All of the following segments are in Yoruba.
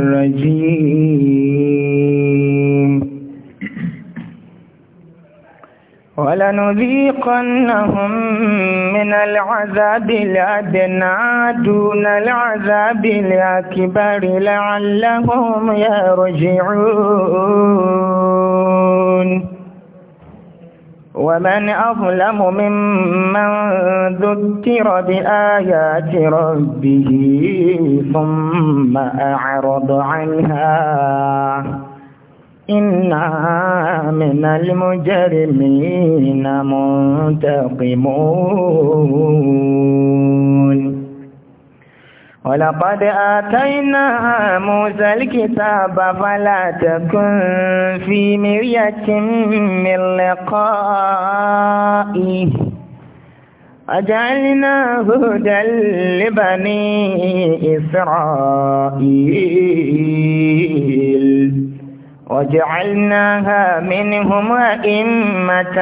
الرجيم ولنذيقنهم من العذاب الأدنى دون العذاب الأكبر لعلهم يرجعون ومن أظلم ممن ذكر بآيات ربه ثم أعرض عنها إنا من المجرمين منتقمون ولقد آتينا موسى الكتاب فلا تكن في مرية من لقائه أجعلنا هدى لبني إسرائيل وجعلناها منهم أئمة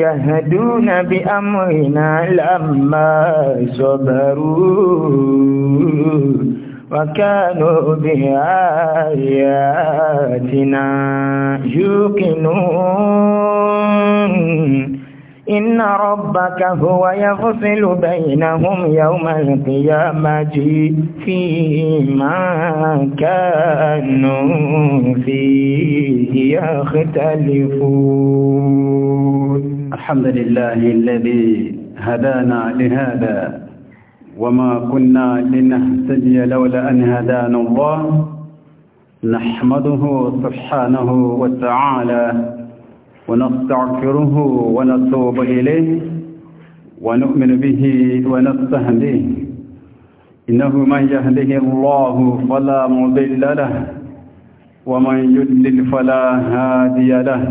يهدون بأمرنا لما صبروا وكانوا بآياتنا يوقنون إن ربك هو يفصل بينهم يوم القيامة فيما كانوا فيه يختلفون الحمد لله الذي هدانا لهذا وما كنا لنهتدي لولا أن هدانا الله نحمده سبحانه وتعالى ونستغفره ونتوب إليه ونؤمن به ونستهديه إنه من يهده الله فلا مضل له ومن يضلل فلا هادي له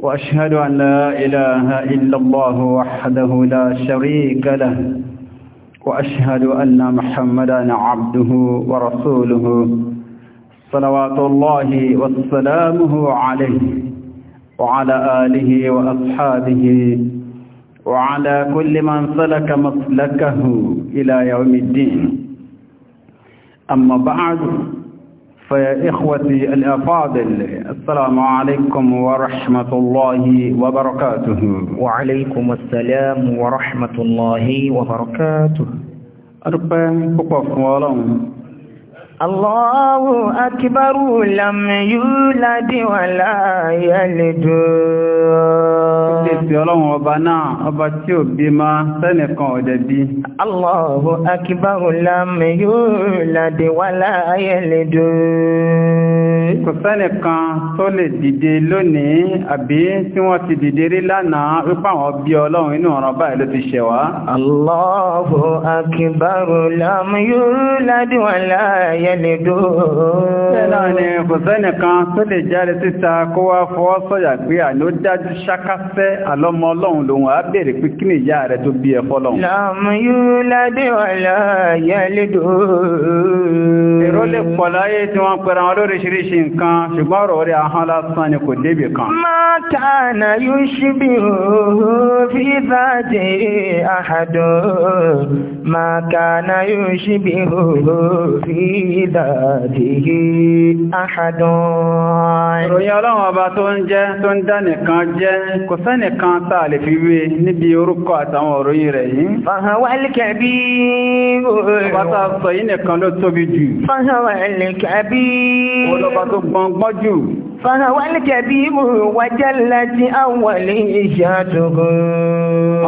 وأشهد أن لا إله إلا الله وحده لا شريك له وأشهد أن محمدا عبده ورسوله صلوات الله وسلامه عليه وعلى آله وأصحابه وعلى كل من سلك مسلكه إلى يوم الدين أما بعد فيا إخوتي الأفاضل السلام عليكم ورحمة الله وبركاته وعليكم السلام ورحمة الله وبركاته أربعين بقف ولهم Allahu akbaru lam yúládì wà láàyè lè dùn. Ìgbésí ọlọ́run ọba náà, ọba tí ò bí máa sẹ́nìkan ọ̀dẹ̀ bí. Allahu akbaru lam yúládì wà láàyè lè dùn. Kò sẹ́nìkan tó lè dìde lónìí àbí tí wọ́n ti dìde rí lánàá wípé àwọn bí ọlọ́run inú ọ̀ràn báyìí ló ti ṣẹ̀ wá. Allahu akbaru lam yúládì wà láàyè yẹ́lẹ̀dó. Ẹ̀nà ni kò sẹ́nìkan tó lè jáde síta kó wá fọwọ́ sọ̀yà pé àló dájú ṣákásẹ́ àlọ́mọ ọlọ́run lòun á béèrè pé kí ni ìyá rẹ̀ tó bí ẹ fọ́lọ́run. Làmú yóò ládé wà láyẹ́lẹ́dó. Èrò lè pọ̀ láyé tí wọ́n pẹ̀rẹ̀ àwọn lóríṣiríṣi nǹkan ṣùgbọ́n ọ̀rọ̀ rẹ̀ ahọ́n lásán ni kò débì kan. Máa tààna yóò ṣíbí òhun fi fàájì àhàdùn. Máa tààna yóò ṣíbí òhun fi ذاته أحد ìròyìn ọlọ́run ọba tó ń jẹ́ tó ń dá nìkan jẹ́ kò sẹ́nìkan tàà lè fi wé níbi orúkọ àtàwọn òròyìn rẹ̀ yìí fàhàwàlìkẹ̀bí ọba tó sọ yìí nìkan ló tóbi jù fàhàwàlìkẹ̀bí olóba fàhàwálì kẹbí mú wájálá tí àwọlé iṣẹ́ àtòkò.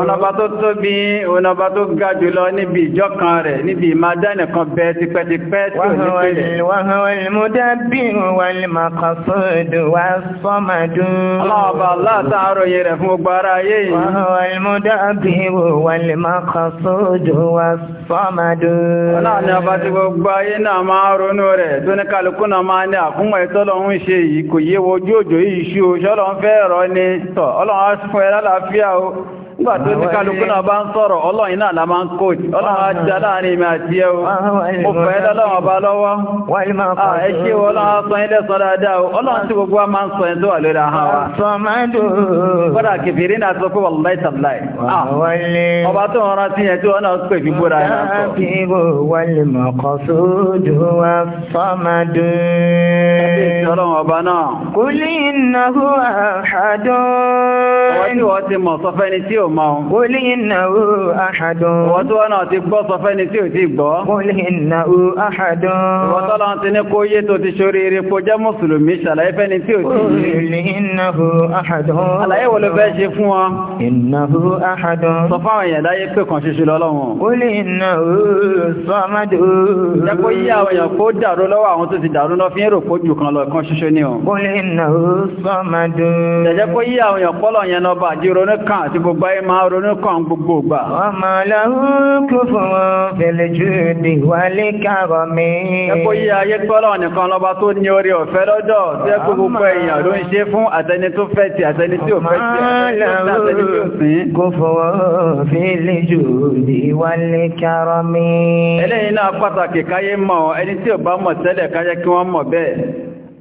ọ̀nàbà tó tóbi ọ̀nàbà tó ga jùlọ níbi ìjọkan rẹ̀ níbi ìmádánìkan bẹ tipẹ́tipẹ́ tí ò ní pẹ̀lẹ̀. wàhàwálì mú dábì wàlì màkàsọ́dù wà sọ́màdù. náà máa ronú rẹ̀ tó ní kálukú náà máa ní àkúnmọ̀ ìtọ́lọ́ ń ṣe yìí kò yé wojú òjò yìí ṣú o ṣọ́lọ́ ń fẹ́ ẹ̀rọ ni tọ́ ọlọ́run á fún ẹ lálàáfíà o nígbà tó ní kálukú náà bá ń sọ̀rọ̀ ọlọ́yìn náà máa ń kò jì ọlọ́run á jẹ́ láàrin ìmẹ̀ àti ẹ̀ o fẹ́ lọ́lọ́run ọba lọ́wọ́ ẹ ṣe ọlọ́run á sọ ilẹ̀ sọ dáadáa ọlọ́run tí gbogbo wa máa ń sọ ẹ̀ tó wà lórí ahọ́n wa. kódà kìfìrí náà sọ pé wà láì tàbíláì ọba tó ń rántí yẹn tí wọn náà pè fi bóra yẹn sọ. àbíwò wọlé mọ̀kọ́ sódò wa sọ́mádù. ọlọ́run ọba náà. kúlí ìnáwó àhàdùn. ọwọ́ tí wọ́n ti mọ̀ sọ fẹ́ni tí ò ò máa ń. Kò lè nà ó àhàdùn. Ìwọ́n tó wọ́n náà ti gbọ́ sọ fẹ́ni tí ò ti gbọ́. Kò lè nà ó àhàdùn. Ìwọ́n tó lọ́n ti ní kó yé tó ti ṣoríire kó jẹ́ Mùsùlùmí ṣàlàyé fẹ́ni tí ò ti yé. Kò lè nà ó Àlàyé wo ló fẹ́ ṣe fún wọn? ẹ máa ronú kan gbogbo ìgbà. Ọmọ lọ́hún kú fún fèlèjú ní wálé kàrọ̀ mi. Ẹkọ́ yí ayé tọ́lọ̀ nìkan lọ́ba tó ní orí ọ̀fẹ́ lọ́dọ̀ tí ẹkù gbogbo èèyàn ló ń ṣe fún àtẹni tó fẹ́ ti àtẹni tí ò fẹ́ ti àtẹni tí ò sí. Kú fún fèlèjú ní wálé kàrọ̀ mi. Eléyìí náà pàtàkì káyé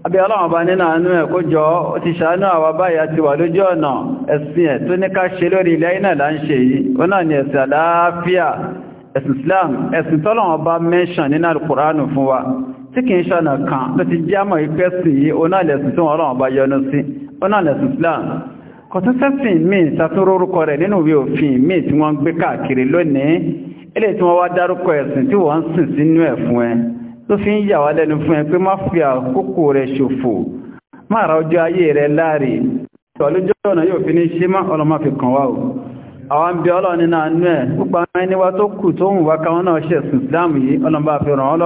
àbí ọlọ́run bá nínú àánú ẹ̀ kó jọ ó ti ṣàánú àwa báyìí àti wà lójú ọ̀nà ẹ̀sìn ẹ̀ tó ní ká ṣe lórí ilẹ̀ iná là yìí ó ni ẹ̀sìn àlàáfíà ẹ̀sìn Islam ẹ̀sìn tọ́lọ́run bá mẹ́ṣàn nínú alukùránù fún wa tí kìí ṣànà kan ló ti jámọ̀ ìpẹ́ sí Islam kò tún sẹ́sìn míì sàtúrò orúkọ rẹ̀ nínú ìwé òfin míì tí wọ́n ń gbé káàkiri tó fi ń yà lẹ́nu fún ẹ pé má fi àkókò rẹ ṣòfò má ra ọjọ́ ayé rẹ̀ láàrí tọ́lójọ́ ọ̀nà yóò fi ní ṣe má ọlọ́mà fi kàn wá o àwọn bí ọlọ́ni náà nú ẹ̀ púpọ̀ ẹniwá tó kù tó hùn náà ṣe ẹ̀sùn ìsìláàmù yìí fi ràn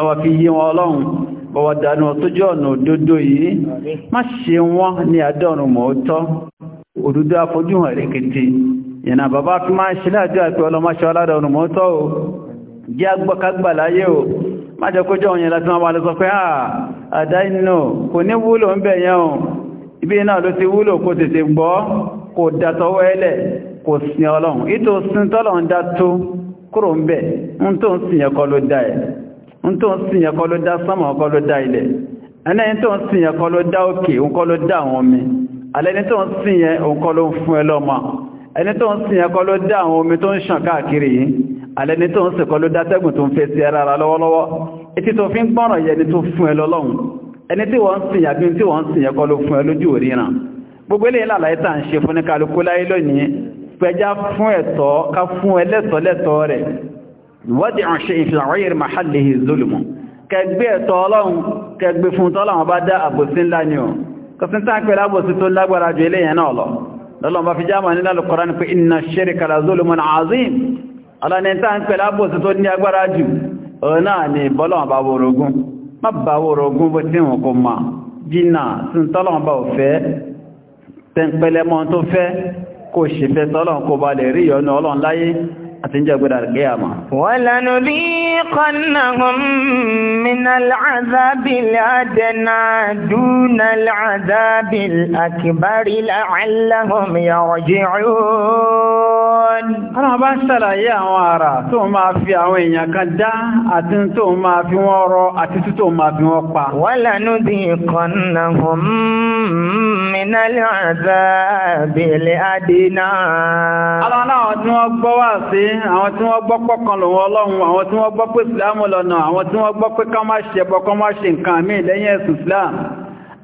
ọwọ́ fi yí wọn ọlọ́run bọ̀wọ̀ dànù ọ̀nà òdodo yìí má ṣe ní àdọ́rùn jẹ́ agbọ́kagbà láyé o má jẹ́ kójọ òyìn láti máa wà lọ sọ ah, àdá inú kò ní wúlò ń bẹ̀ yẹn o ibi náà ló ti wúlò kò tètè gbọ́ kò dátọwọ́ ẹlẹ̀ kò sin ọlọ́run ìtò sin tọ́lọ́run dá tó kúrò ń bẹ̀ ń tó ń sin ẹ̀kọ́ ló òǹkọ́ ló ń fún ẹ ẹni tó ń sin ẹ̀kọ́ ló dá àwọn omi tó ń ṣàn káàkiri yìí àlẹ́ni tó ń sìnkọ́ ló dátẹ́gùn tó ń fẹ́ sí ara lọ́wọ́lọ́wọ́ etí tó fi ń gbọ́rọ̀ yẹni tó fún ẹ lọ́lọ́run ẹni tí wọ́n ń sìn àbí tí wọ́n ń sìn ẹ̀kọ́ ló fún ẹ lójú òríran gbogbo ilé ìlàlàyé tà ń ṣe fún ní kálukú láyé lónìí pẹjá mahalihi zulumu kẹgbé ẹ̀tọ́ ọlọ́run kẹgbé fún tọ́lọ́run bá dá àbòsí ńlá ni ọ̀ kọsí tá ń pẹ̀lú àbòsí tó lágbára ju eléyẹn náà lọ ọlọ́nìta ń pẹ̀lá bòsí tó ní agbára jù náà ni bọ́lọ̀wọ̀n bá wòrògún má bá wòrògún bó tí wọn kò ma jìnà sí tọ́lọ̀wọ̀n bá òfẹ́ tẹ́ǹpẹ̀lẹ́mọ́ tó fẹ́ kò ṣìfẹ́ tọ́lọ̀wọ̀n kò bá lè rí ìyọ́nú ọlọ́run láyé àti ń jẹ́ gbẹ́dàgbé لنذيقنهم من العذاب الأدنى دون العذاب الأكبر لعلهم يرجعون ọ̀nà bá ṣàlàyé àwọn ara tó máa fi àwọn èèyàn kan dá àti tó máa fi wọ́n rọ àti tó máa fi wọ́n pa ولنذيقنهم من العذاب الأدنى Àwọn náà tí wọ́n gbọ́ wà sí, àwọn tí wọ́n gbọ́ pọ̀kan lòun ọlọ́run, àwọn tí wọ́n gbọ́ pé ìsìlámù lọ́nà àwọn tí wọ́n gbọ́ pé ká má ṣẹbọ ká má ṣe nǹkan míì lẹ́yìn ẹ̀sùn ìsìlámù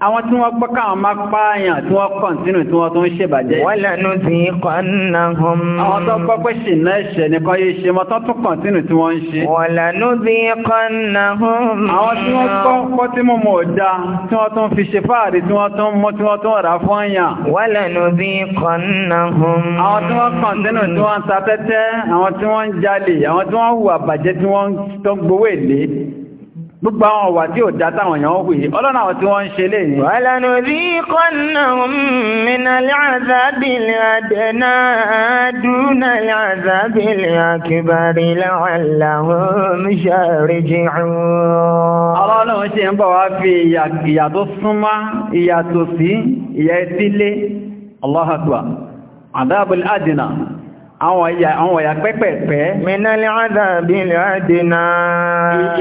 àwọn tí wọ́n pọ́ká àwọn máa pààyàn tí wọ́n kàn sínú tí wọ́n tó ń ṣe bàjẹ́. wọ́n lẹ́nu ti kọ́ nà hàn. àwọn tó kọ́ pé ṣì náà ṣẹ̀ nìkan yé ṣe mọ́tọ́ tún kàn sínú tí wọ́n ń ṣe. wọ́n lẹ́nu ti kọ́ nà hàn. àwọn tí wọ́n kọ́ kọ́ tí mo mọ̀ da tí wọ́n tún fi ṣe gbogbo àwọn ọ̀wà tí ò dá táwọn èèyàn wù yìí ọlọ́nà àwọn tí wọ́n ń ṣe léyìn. wàlànà bí kọ́nà mìnàlẹ́ àzábìlì àdẹ́nà dúnàlẹ́ àzábìlì àkìbàrí làwọn ṣàrí jìrù. ọlọ́run ṣe ń bọ̀ wá fi ìyà tó súnmọ́ ìyà tòsí ìyà etílé Allahu Akbar àdábìlì àwọn ìyà àwọn ìyà pẹ́pẹ̀pẹ́. mìnàlẹ̀ àdàbí ilẹ̀ àdínà.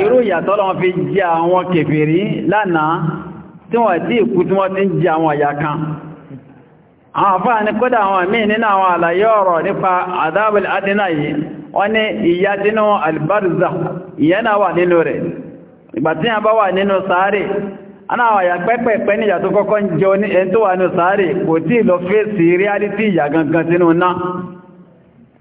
ìrú ìyàtọ̀ lọ́wọ́ fi jẹ àwọn kèfèrí lánàá tí wọ́n tí ìkú tí wọ́n ti ń jẹ àwọn ìyà kan. àwọn àfáà ni kódà àwọn míì nínú àwọn àlàyé ọ̀rọ̀ nípa àdàbí àdínà yìí wọ́n ní ìyà dínú albarza ìyà náà wà nínú rẹ̀ ìgbà tí a bá wà nínú sàárè aná àwọn àyà pẹ́pẹ̀pẹ́ ní tó kọ́kọ́ ń jẹ ẹni tó wà nínú sàárè kò tí ì reality ìyà gangan sínú náà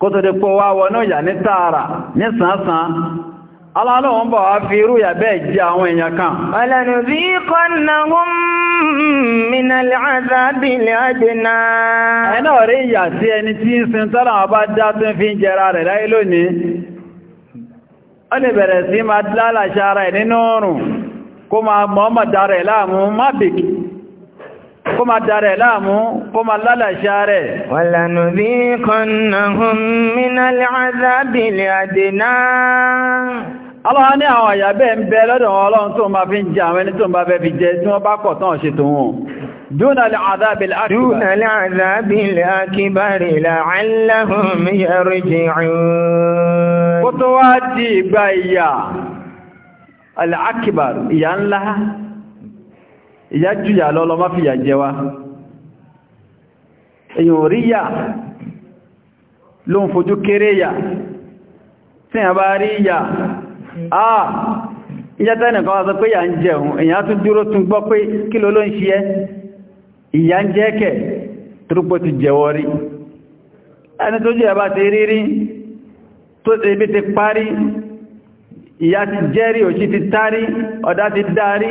kótòdé pọ̀ wá wọnú ìyà ní tààrà ní ala aláàlọ́wọ́n bọ̀ wá fi irú ìyà bẹ́ẹ̀ jẹ àwọn èèyàn kan ọlọ́nà bí kọ́ náà min al'azabi al'adina. Ẹnà rí ìyà sí ẹni tí ọba dá fi jẹra rẹ̀ láàmú kó máa darẹ̀ láàmú kó máa lálàṣà rẹ̀. wàlànà bí kọ́nàhùn mínàlẹ̀ àzábìlẹ̀ àdènà Allah ní àwọn àyà bẹ́ẹ̀ ń bẹ lọ́dọ̀ wọn ọlọ́run tó máa fi ń jẹ àwọn ẹni tó máa bẹ́ fi jẹ tí wọ́n bá kọ̀ tán ṣe tó wọn dúnà lè àzábìlì akíbàrí ìyà ńlá ìyá jùyà lọ́lọ́ má fìyà jẹ wá èyàn orí yà ló ń fojú kéré yà tí a bá rí yà àà ìjátá ẹnìkan wá sọ pé yà ń jẹun èyàn tún dúró tún gbọ́ pé kí ló ló ń ṣe ẹ́ ìyà ń jẹ́ kẹ̀ trúpọ̀ ti jẹwọ́ rí ẹni tó jẹ́ bá ti rí rí tó ti ibi ti parí ìyà ti jẹ́rí òṣì ti tárí ọ̀dá ti dárí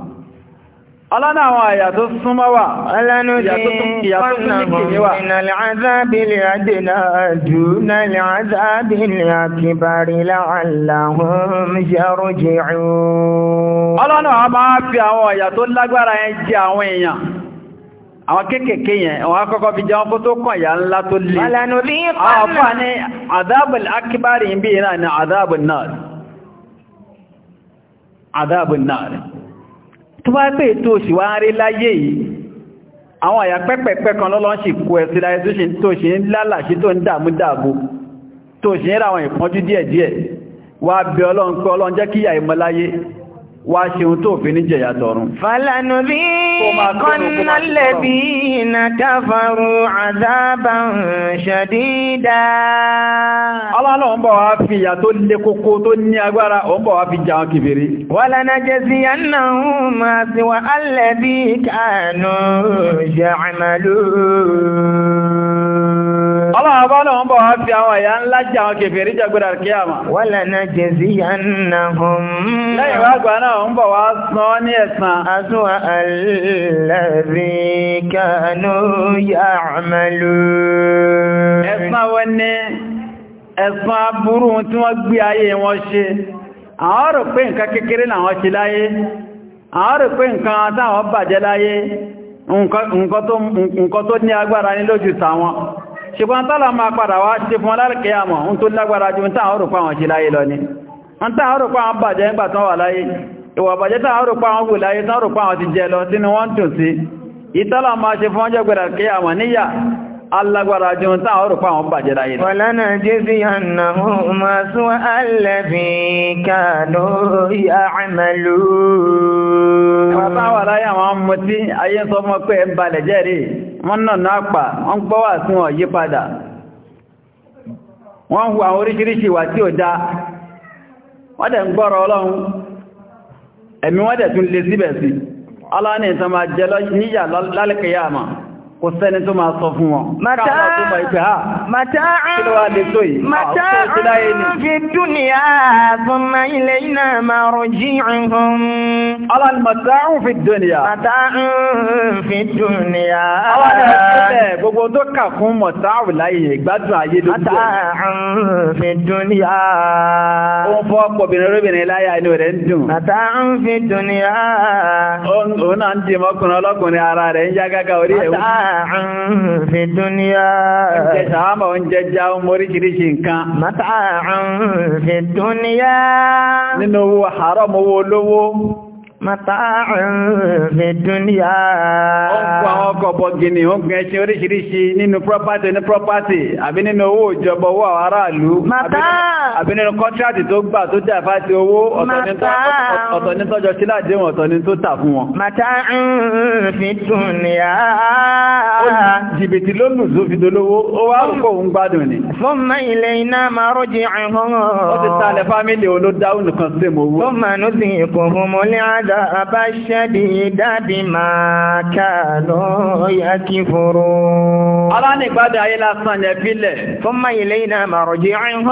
Ọlọ́nà àwọn àyà tó súnmọ́ wà, ìyà tó súnmọ́ wà. Ìnàlẹ̀ àdínà dúnà lè àzábìnlẹ̀ àkìbàrí láàláhùn yàrò jẹ́ ọ̀rọ̀. Ọlọ́nà a máa fi àwọn àyà tó lágbára yẹn jẹ àwọn èèyàn kéèkèé yẹn àwọn akọ́kọ́ fi jẹun kó tó kàn yà ńlá tó lè àwọn fà ní àdábùl akíbárì ń bí náà ni àdábùl náà tó bá pé ètò òṣì wá ń rí láyé yìí àwọn àyà pẹ́pẹ̀pẹ́ kan lọ́lọ́ sì kó ẹ̀sí láyé tó ṣe ń lálàṣí tó ń dààmú dààbò tó ṣe ń ra àwọn ìpọ́njú díẹ̀díẹ̀ wá bẹ ọlọ́run pé ọlọ́run jẹ́ kíyà wá ṣeun tó fi ní jẹ̀yà tọ̀run. falanu bí kọ́nà lẹ́bí iná káfàrú àzábà ṣàdídá. ọlọ́lọ́ ń bọ̀ wá fi ìyà tó lé kókó tó ní agbára ó ń bọ̀ wá fi jà wọn kìfèrè. wàlànà jẹ́sí yánnáhùn máa sì náà ń bọ̀ wá sán ní ẹ̀sàn. Àtúwà alẹ́bí kánú yà Ẹ̀sàn ni ẹ̀sàn aburú tí wọ́n ayé wọn ṣe. Àwọn rò pé nǹkan kékeré làwọn ṣe láyé. Àwọn rò pé nǹkan táwọn bàjẹ́ láyé. Nǹkan tó ní agbára ní lójú ìwà bàjẹ́ tàà rò pa àwọn gùn láyé tàà rò pa àwọn ti jẹ lọ sínú wọ́n tún sí ìtọ́lọ̀ máa ṣe fún ọjọ́ gbẹ̀rẹ̀ kí àwọn níyà alágbára jùn tàà rò pa àwọn bàjẹ́ láyé wọ́lánà wọ́n ń wọn àwọn oríṣiríṣi tí dá wọ́n dẹ̀ ń gbọ́rọ̀ ẹ̀mí wọ́n dẹ̀ tún lè síbẹ̀ sí aláàrin ìtàn máa jẹ́ níyà lálẹ́kẹ̀yà máa kò sẹ́ni tó máa sọ fún wọn. Màtáà ah, ah, fi dúnìá àbúnmá ilẹ̀ iná fi dúnìá. Màtáà fi dúnìá. Aláni ẹ̀kẹ́lẹ̀ gbogbo tó kà fún màtáà láyé ìgbádùn ayé ló jẹ́. Màtáà fi dúnìá. Ó ń fọ́ pọ̀bìnrin olóbìnrin láyà inú rẹ̀ fi dúnìá. Òun náà ń dì mọ́kùnrin Mata'an fi dúníyà. Oúnjẹ ṣàwámà oúnjẹ já ọmọ oríṣiríṣi nǹkan. Mata'an fi dúníyà. Nínú owó haram owó olówó. Màtàrùn fi dúníyà. Ó ń kó àwọn ọkọ̀ bọ̀gìnì, ó gbẹ̀ ṣe oríṣiríṣi nínú property ní property, àbí nínú owó ìjọba owó àwọn aráàlú, àbí nínú kọ́ntrátì tó gbà tó jà fá ti owó ọ̀tọ̀ ní tọ́jọ sí láàdéhùn ọ̀tọ̀ ní tó tà fún wọn. Màtàrùn fi dúníyà. Ó jìbìtì ló lù tó fi dolówó, ó wá rò kó òun gbádùn ni. Fún mọ́ ilẹ̀ iná máa rọ́jì àhán. Ó ti talẹ̀ fámílì olódáwùn nìkan sí mọ̀ owó. Ó mà العذاب الشديد بما كانوا يكفرون أراني بعد إلى صنع ثم إلينا مرجعهم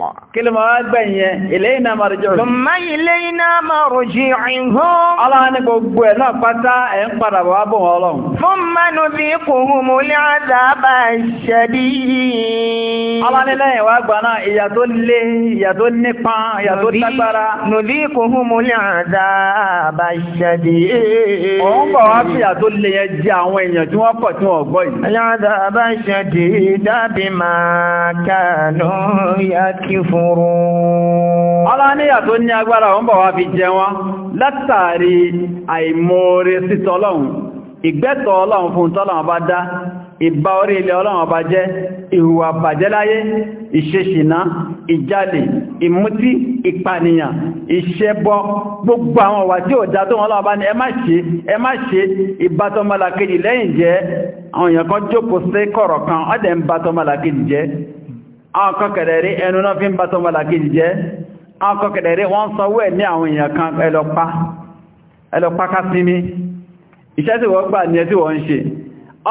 Allah. Kí ló máa gbẹ̀yẹn? Ilayna marji'uhum. Thumma ilayna marji'uhum. Ọlọ́run ní gbogbo ẹ̀ náà pátá ẹ̀ ń padà wá bọ̀ wọ́n lọ. Thumma nudhiquhumul 'adhaba ash-shadid. Ọlọ́run lẹ́yìn wá gbà náà ìyà tó lé, ìyà tó nípa, ìyà tó lágbára. Nudhiquhumul 'adhaba ash-shadid. Òun bọ̀ wá fìyà tó lé yẹn jẹ àwọn èèyàn tí wọ́n pọ̀ tí wọ́n gbọ́ yìí. Al-'adhaba ash-shadid bima kanu yak يكفرون ọlọ́níyà tó ní agbára wọn bọ̀ wá fi jẹ wọn látàrí àìmóore sítọ́ ọlọ́run ìgbẹ́tọ̀ ọlọ́run fún tọ́lọ́run bá dá ìbá orí ilẹ̀ ọlọ́run ọba jẹ́ ìhùwà bàjẹ́ láyé ìṣeṣìná ìjálè ìmútí ìpànìyàn ìṣẹ́bọ gbogbo àwọn ọ̀wà tí ó dá àwọn kọkẹ̀rẹ̀ rí ẹnu náà fi ń bá tọmọlà kejì jẹ́ àwọn kọkẹ̀rẹ̀ rí wọ́n sanwó ẹ̀ ní àwọn èèyàn kan ẹlọ́pá kásímí iṣẹ́ tí wọ́n gbà ní ẹ tí wọ́n ń ṣe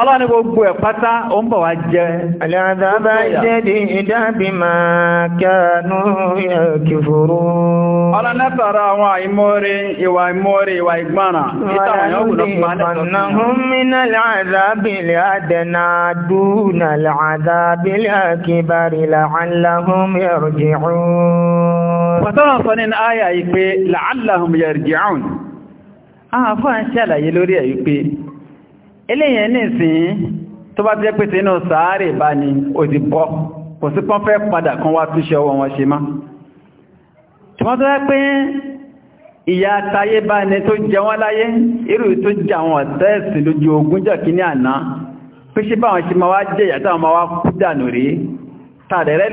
ọlọ́ni gbogbo ẹ̀ pátá o ń bọ̀ wá jẹ́ aláàdábá jẹ́dì ìdábì máa kẹ́ẹ̀nú kìfòrò ọlọ́ni tọrọ àwọn ìmọ́rí ìwà ìmọ́rí ìwà ìgbọ́nà ìtàwọn yóò wùlọ fún àdẹ́sọ̀rọ̀ eléyìn ní ìsìn tó bá jẹ́ pé tí inú sàárè bá ní òdìbọ́ kò sí pọ́n fẹ́ padà kan wá túnṣe ọwọ́ wọn ṣe má tí wọ́n tó rẹ́ pé ìyà tayé bá ní tó jẹ wọ́n láyé irú tó jẹ àwọn ọ̀tẹ́ẹ̀sì lójú ogun jọ kí ní àná pé ṣe bá wọn ṣe máa wá jẹ ìyà táwọn máa wá kú dànù rí tàdẹ̀rẹ́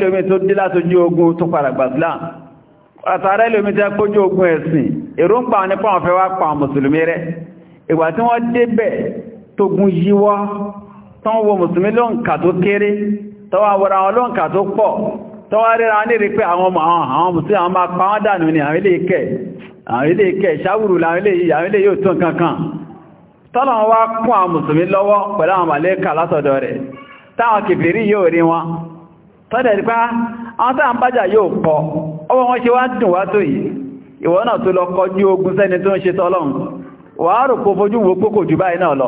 tógun yíwọ́ tán wo mùsùlùmí lóǹkà tó kéré tọ́wà wọ́ra wọn lóǹkà tó pọ̀ tọ́wà ríra ní rí pé àwọn ọmọ àwọn kankan tọ́lọ̀ wá kún àwọn mùsùlùmí lọ́wọ́ pẹ̀lú àwọn màlẹ́kà látọ̀dọ̀ rẹ̀ táwọn kìfìrí yóò rí wọn tọ́dẹ̀ nípa àwọn táà ń bájà yóò pọ̀ ọwọ́ wọn ṣe tó lọ kọjú ogun sẹ́ni tó ń ṣe tọ́lọ́run wàá rò kó fojú wo pókò jù báyìí náà lọ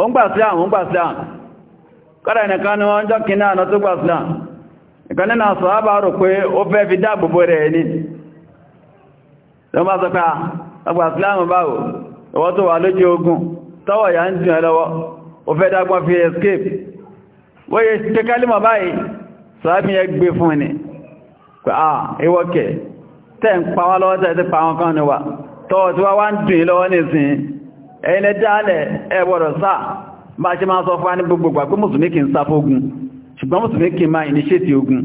ó ń gbà Islam ó ń gbà Islam kọ́dà nìkan ni wọ́n jọ́ kìíní àná tó gbà Islam nìkan nínú sàhábà rò pé ó fẹ́ fi dáàbòbò rẹ̀ ní lọ bá sọ pé àgbà ah, Islam báwò ọwọ́ tó wà lójú ogun tọ́wọ̀ yà ń dùn ẹ lọ́wọ́ ó fẹ́ dágbọ́n fi escape wọ́ye tẹ́kálímọ̀ báyìí sàábí ah, ẹ ẹ̀yìn dáálẹ̀ ẹ̀wọ̀rọ̀ sáà bá ṣe máa sọ fún ní gbogbo gbà pé mùsùlùmí kì ń sá fógun ṣùgbọ́n mùsùlùmí kì máa ìníṣẹ́tì ogun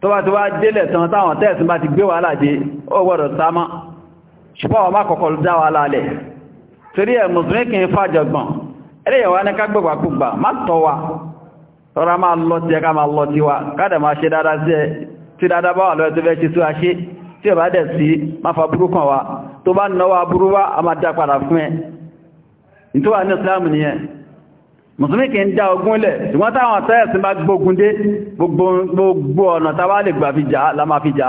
tó bá ti wá délẹ̀ tán táwọn tẹ́ẹ̀sùn bá ti gbé wà láàdé ọwọ́rọ̀ sáàmá ṣùgbọ́n wa rọra máa lọ tí ẹ ká máa lọ tí wa kádà máa ṣe dáadáa sí ẹ tí dáadáa bá wà lọ́wọ́ tó fẹ́ ṣe sí wa ṣe tí ẹ bá dẹ̀ sí má fa burú kan wa tó bá náwó aburú wa a máa dá padà fún ẹ tó wà ní islam ni ẹ mùsùlùmí kì ń dá ogun lẹ̀ ṣùgbọ́n táwọn àtẹ́yẹ̀ sí bá gbógun dé gbogbo ọ̀nà tàwà lè gbà fi jà la máa fi jà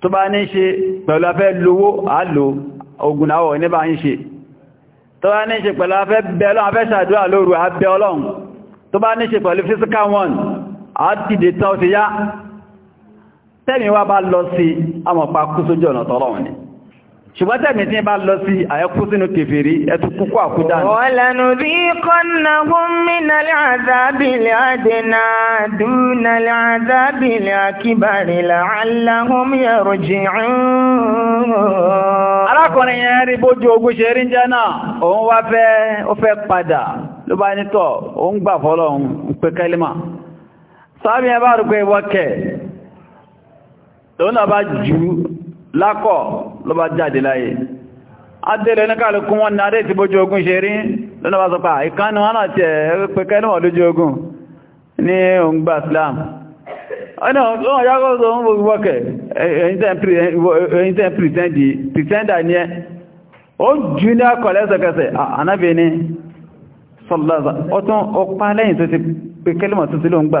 tó bá ní ṣe pẹ̀lú afẹ́ lówó àlò ogun àwọ̀ níbà ń ṣe tó bá ní ṣe pẹ̀lú afẹ́ bẹ̀lú afẹ́ ṣàdúrà lóru abẹ́ ọlọ́run tó ṣùgbọ́n tẹ̀mí tí ń bá lọ sí àyẹkú sínú kèfèrí ẹtù kúkú àkúdá ní. ọ̀lànà bí kọ́nà gómìnà àdábìlẹ̀ àdènà dúnà àdábìlẹ̀ àkíbàrẹ̀ làálàhùn yẹ̀rù jìrìn. rí bójú ogun ṣe rí jẹ́ náà òun wá fẹ́ lákọ̀ ló bá jáde láyé adẹ́lẹ̀ ní kàlùkún wọn náà rẹ̀ ti bójú ogun ṣe rí lọ́nà bá sọpá ìkánu wọn àti ẹ̀ pẹ̀kẹ́ níwọ̀n lójú ogun ní òǹgbà Islam ọ̀nà yàgọ́sọ̀ ń wọ́kẹ̀ ẹ̀yìn tẹ́ pìtẹ́ndà ní ẹ́ ó jù ní akọ̀lẹ́sẹ̀kẹsẹ̀ ti pẹ̀kẹ́lẹ̀mọ̀ tó ti lóǹgbà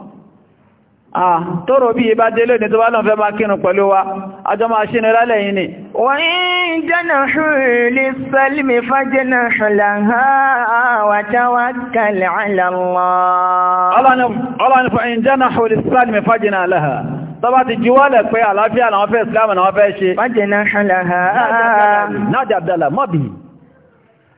Ah, tọ́rọ bí i bá délé ní tó bá lọ́n fẹ́ máa kírun pẹ̀lú wa, àjọ máa ṣe ní rálẹ̀ yìí ni. Wa in janahu lis-salmi fajnah laha wa tawakkal 'ala Allah. Ọlọ́ni fa in janahu lis-salmi fajnah laha. Tọ́bá ti jíwọ́lẹ̀ pé àlàáfíà làwọn fẹ́ ìsìlámù làwọn fẹ́ ṣe. Fajnah laha. Náà jàbdàlà, mọ́bìí.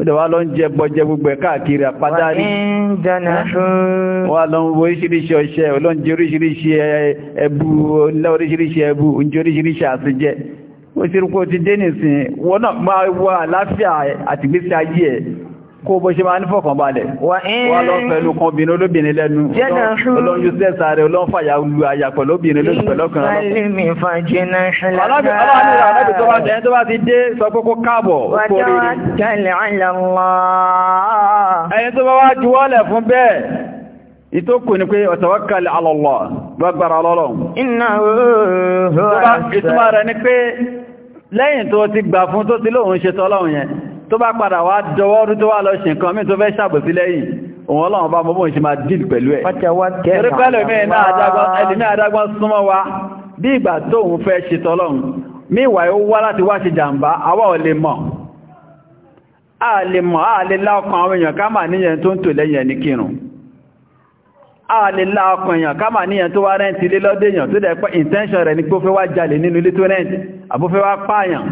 ọdọ̀ wá lọ ń jẹ gbọjẹ gbogbo ẹ̀ káàkiri àpádárí wà lọ ń wo oríṣiríṣi ọṣẹ olóúnjẹ oríṣiríṣi ẹbú onílẹ̀ oríṣiríṣi ẹbú oúnjẹ oríṣiríṣi àṣejẹ ó ti dé nìsín wọ́n náà máa wá àlàáfíà àtìgbésí ayé ẹ̀ kó bó ṣe máa ní fọ̀kànbalẹ̀ wà lọ pẹ̀lú kan obìnrin olóbìnrin lẹ́nu olóyún sẹ́sà rẹ̀ olóńfàyà lu àyà pẹ̀lú obìnrin lóṣù pẹ̀lú ọkùnrin ọlọ́pẹ̀lọ́kùnrin ìtókù ni pé ọ̀tọ̀wọ́kàlì alọ́lọ́ gbọ́gbàrà lọ́lọ́ ìtumà rẹ̀ ni pé lẹ́yìn tó ti gbà fún tó ti lóòun ṣe tọ́lọ́run yẹn tó bá padà wá dọwọ́ rú tó wà lọ ṣe nǹkan mí tó fẹ́ ṣàbòsí lẹ́yìn òun ọlọ́run bá mọ́bọ̀n ṣe máa dìl pẹ̀lú ẹ̀ ẹlùmí adágbọ́n súnmọ́ wa bí ìgbà tóun fẹ́ ṣe tọ́lọ́run a lè a lè lá ọkàn àwọn èèyàn ká mà níyẹn tó a lè lá ọkàn èèyàn ká mà níyẹn tó wá rẹ́ǹtì ilé lọ́dẹ̀ èèyàn tó dẹ̀ pé intention rẹ̀ ni pé ó fẹ́ wá jalè nínú ilé tó rẹ́ǹtì àbúfẹ́ wá pààyàn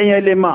èèyàn lè mọ̀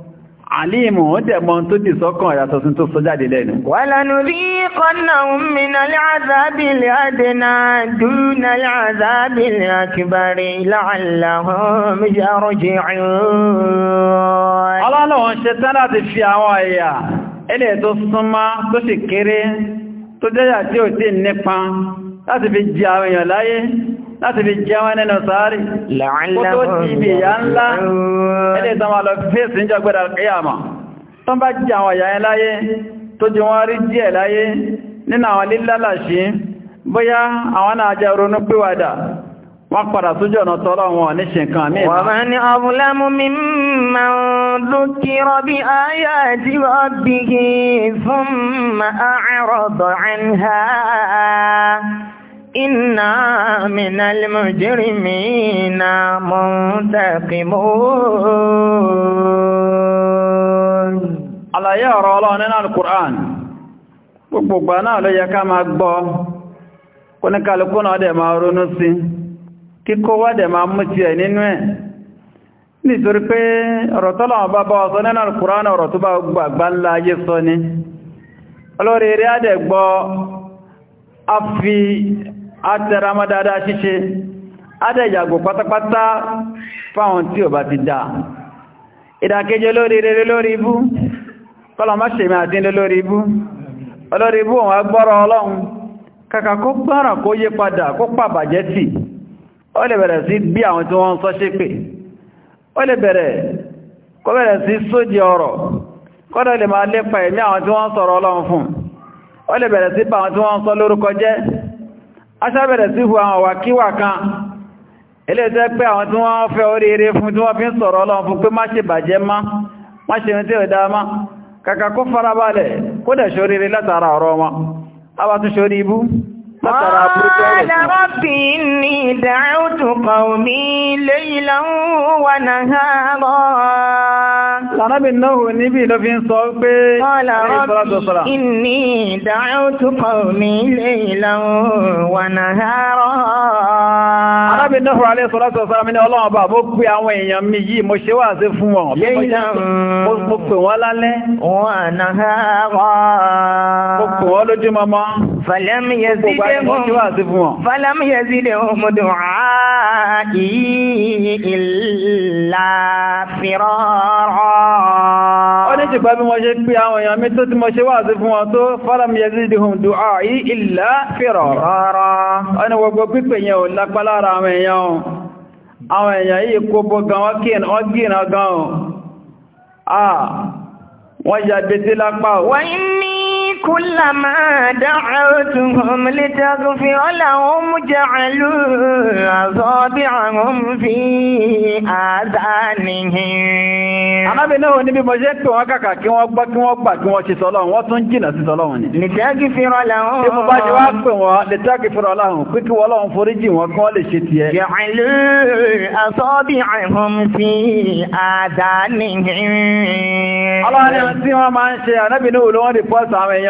àlímù ó dẹ̀ mọ́ tó dì sọ́kàn ìyàtọ̀ sí tó sọ́jáde lẹ́nu. wàlánù rí kọ́nà òmìnà láàzábì láàdínà dúnà láàzábì àkìbàrí láàláhùn méjàrújì ọlọ́lọ́wọ́n ṣe tán láti fi jẹ́ wọn nínú sáárì kó tó ti ibi ńlá ẹlẹ́ ìtàn wọn fèsì ń jọgbẹ́dà kíyàmà tó bá jẹ àwọn ìyá láyé tó jẹ wọ́n rí díẹ̀ láyé nínú àwọn lílálàṣí bóyá àwọn náà ronú pìwàdà wọ́n padà sójú ọ̀nà tọ́lọ́ wọn ní ṣe nǹkan mí. wọ́n máa ní mi máa ń dúkìrọ̀ bí ayá àti ọ̀bìgì fún ma'árọ̀ bọ̀ إنا من المجرمين منتقمون àlàyé ọ̀rọ̀ Ọlọ́run nínú Al-Qur'an gbogbo ìgbà náà ló yẹ ká máa gbọ́ kó ní kálukú náà dẹ̀ máa ronú sí kíkó wá dẹ̀ máa mú ti ẹ̀ nínú ẹ̀ nítorí pé ọ̀rọ̀ tọ́lọ̀wọ̀n ni a a tẹra mọ́ dáadáa ṣíṣe adẹ́yàgò pátápátá fáwọn tí ò bá ti dáa ìdàkejì olóri rere lórí ibú kọlọ má lórí ibú olórí ibú wọn gbọ́rọ̀ ọlọ́run kàkà kó gbọ́rọ̀ kó yé padà kó pàbàjẹ́ tì ó lè ó lè bẹ̀rẹ̀ sí tí wọ́n sọ lórúkọ jẹ́ aṣábẹ̀rẹ̀ sí fún àwọn wàkíwà kan ilé jẹ́ pé àwọn tí wọ́n fẹ́ oríire fún tí wọ́n fi ń sọ̀rọ̀ ọlọ́run fún pé má ṣe bàjẹ́ má má ṣe ní tí ó dáa má kàkà kó farabalẹ̀ kó dẹ̀ ṣoríire látara ọ̀rọ̀ wọn látara burúkú ẹ̀rẹ̀ sí. Ọ̀dà rọ́bì ní ìdáhùtù kọ̀ọ̀mí lẹ́yìn lọ́hùn wà náà rọ̀. Sànábì náà níbi ló fi ń sọ pé Ọ̀dà rọ́bì ní ìdáhùtù kọ̀ọ̀mí lẹ́yìn lọ́hùn wà náà rọ̀. Arábì náà alẹ́ sọ́lá sọ́sára mi ní ọlọ́run bá mo mi yìí mo ṣe wáàsí náà rọ̀. Mo wọn. Fàlámù yẹ sí ilé ọmọ dùn áá ìlà fìrọ́rọ́. Ó ní ṣùgbọ́n bí mo ṣe pé àwọn èèyàn mi tó tí mo ṣe wáàsí fún wọn tó fàlámù yẹ sí ilé ọmọ dùn áá ìlà fìrọ́rọ́. Ó ní gbogbo pípè yẹn ò lápá àwọn èèyàn. Àwọn èèyàn yìí كلما دعوتهم لتغفر لهم جعلوا أصابعهم في آذانهم Anábìnrin náà níbi mọ̀ ṣe ń pè wọ́n kàkà kí wọ́n gbọ́ kí wọ́n gbà kí wọ́n ṣe sọ́lọ́run, wọ́n tún jìnà sí sọ́lọ́run ni. Lìtẹ́gì fìrọ̀ làwọn. Tí mo bá ṣe wá pè wọ́n, lìtẹ́gì fìrọ̀ làwọn, pé kí wọ́n lọ́run foríjì wọn kí lè ṣe tiẹ̀. Jẹ̀ẹ́lú àsọ́bì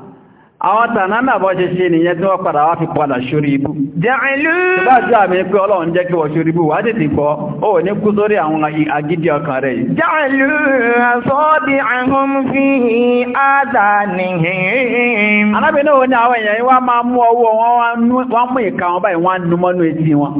àwọn tànà na bọ́ ṣe ṣe nìyẹn tí wọ́n padà wá fi padà ṣorí ibú. jẹ́rìnlú. ìbá jẹ́ àmì pé ọlọ́run jẹ́ kí wọ́n ṣorí ibú wà á tètè kọ́ ó ní kú sórí àwọn agídí ọkàn rẹ̀ yìí. jẹ́rìnlú ni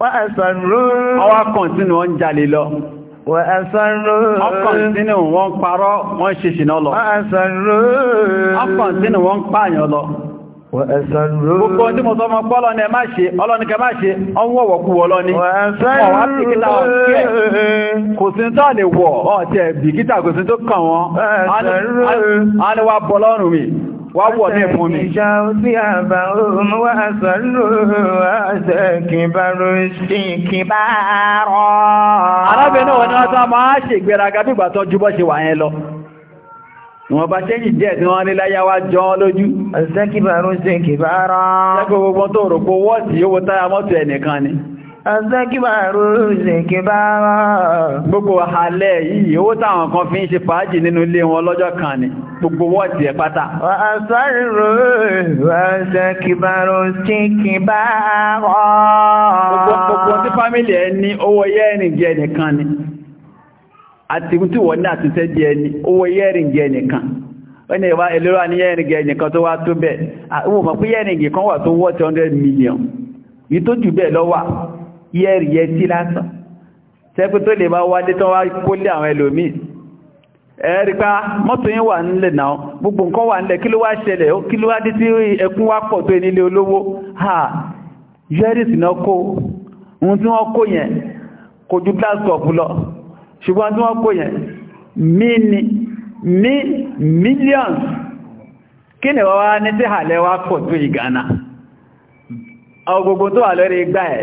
Wa asarru. Ọwá kan sínú wọn jalè lọ. Wa asarru. Ọkàn sínú wọn parọ́ wọn ṣe ṣìnà lọ. Wa asarru. Ọkàn sínú wọn pààyàn lọ. Wa asarru. Gbogbo ọdún mo sọ ọmọ pọ́ lọ́ni ẹ má ṣe, ọlọ́ni kẹ má ṣe, ọwọ́ wọ̀kú wọ lọ́ni. Wa asarru. Ọwá sí kíta ọ̀kẹ́. Kò sí tó lè wọ̀ ọ̀tẹ̀ bìkítà kò sí tó kàn wọ́n. Wa asarru. A ní wa bọ́ lọ́rùn wá wọ̀ ní ìfún mi. ìjà òbí àbá òun wá sọ́lù ọ̀sẹ̀ kìbárò sí kìbárò. arábìnrin wọn ni wọ́n tán máa ṣègbéraga bí ìgbà tó ju bọ́ ṣe wà yẹn lọ wọ́n bá ṣẹ́yìn jẹ́ tí wọ́n ní láyáwá jọ lójú. ọ̀sẹ̀ kìbárò sí kìbárò. ṣẹ́gbẹ̀ gbogbo tó rò pé wọ́ọ̀tì yóò wọ́n táyà mọ́tò ẹnìkan ni. Azẹ́kíbàrú ṣèkíbàrá. Gbogbo àhàlẹ̀ yìí, owó táwọn kan fi ń ṣe fàájì nínú ilé wọn lọ́jọ́ kan ni, gbogbo wọt ẹ pátá. Àṣàrò azẹ́kíbàrú ṣèkíbàrá. Gbogbo tí fámílì ẹ ní owó yẹ́rìn jẹ nìkan ni. Àti tí wọ́n ní àtúnṣẹ́ jẹ ní owó yẹ́rìn nìkan. Ó ní ìwà ìlú ní yẹ́rìn nìkan tó wá tó bẹ̀. Àwọn òmọ̀ yẹ́rì yẹ tí lásán tẹ́kù tó lè bá wádé tó wá kólé àwọn ẹlòmí ẹ̀rí pa ah, mọ́tò yín wà nílẹ̀ náà gbogbo nǹkan wà nílẹ̀ kí ló wá ṣẹlẹ̀ kí ló wá dé tí ẹkún wá pọ̀ tó nílé olówó ha yẹ́rìsì náà kó ohun tí wọ́n kó yẹn kò ju glass lọ ṣùgbọ́n tí wọ́n kó yẹn mini mi millions kí ni wọ́n wá ní tí hàlẹ́ wá pọ̀ tó ọgbogbo tó wà lórí igbá ẹ̀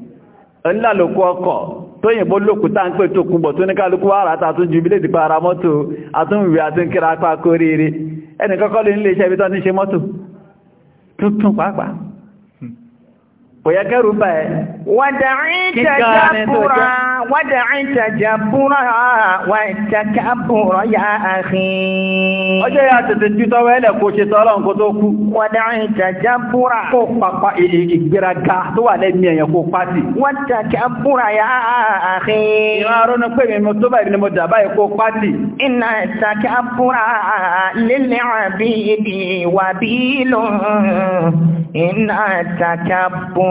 ńlá ló kú ọkọ̀ tó yìnbó lókútà ń pè tó kúbọ̀ tó ní kálukú ara tàtún ju bílé ìdìpa ara mọ́tò àtúnwì àti kíra apá kóríire ẹnì kọ́kọ́ lè ń lè iṣẹ́ tó ní ṣe mọ́tò tuntun pàápàá kò yẹ kẹrù bá ẹ. wàdàrín tàjà búra wà ìtàkà búra yá àhín. ọjọ́ yà tètè ju tọ́wọ́ ẹlẹ̀ kó ṣe tọ́lọ́ nǹkan tó kú. wàdàrín tàjà búra. kó pàpà ìgbéraga tó wà lẹ́nu ẹ̀yàn kó pàtì. wàtàkà búra yá àhín. ìran arọ́nà pé mi mo tó báyìí ni mo dà báyìí kó pàtì. iná ìtàkà búra lílẹ̀ àbí ibi wà bí lò. iná ìtàkà búra.